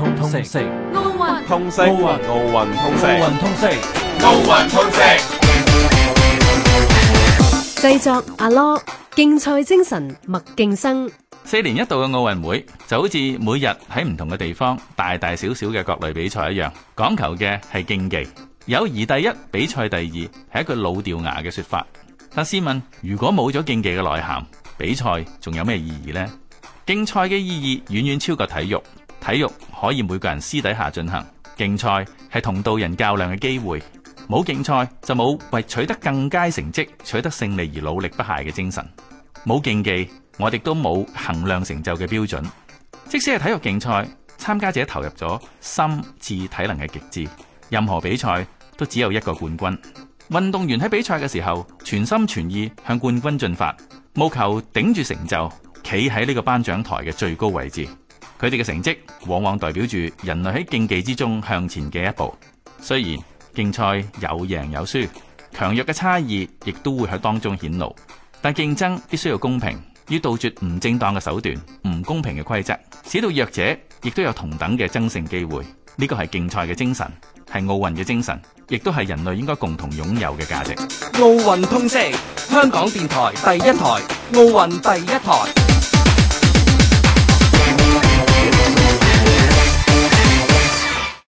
通通識，奧運，奧運，奧運，通識，奧運通奧運通奧運通製作阿羅，競賽精神莫競爭。四年一度嘅奧運會，就好似每日喺唔同嘅地方大大小小嘅各類比賽一樣，講求嘅係競技，友誼第一，比賽第二，係一句老掉牙嘅說法。但試問，如果冇咗競技嘅內涵，比賽仲有咩意義呢？競賽嘅意義遠遠超過體育。體育可以每個人私底下進行，競賽係同道人較量嘅機會，冇競賽就冇為取得更佳成績、取得勝利而努力不懈嘅精神。冇競技，我哋都冇衡量成就嘅標準。即使係體育競賽，參加者投入咗心智體能嘅極致，任何比賽都只有一個冠軍。運動員喺比賽嘅時候，全心全意向冠軍進發，務求頂住成就，企喺呢個頒獎台嘅最高位置。佢哋嘅成績往往代表住人類喺競技之中向前嘅一步。雖然競賽有贏有輸，強弱嘅差異亦都會喺當中顯露，但競爭必須要公平，要杜絕唔正當嘅手段、唔公平嘅規則，使到弱者亦都有同等嘅爭勝機會。呢個係競賽嘅精神，係奧運嘅精神，亦都係人類應該共同擁有嘅價值。奧運通識，香港電台第一台，奧運第一台。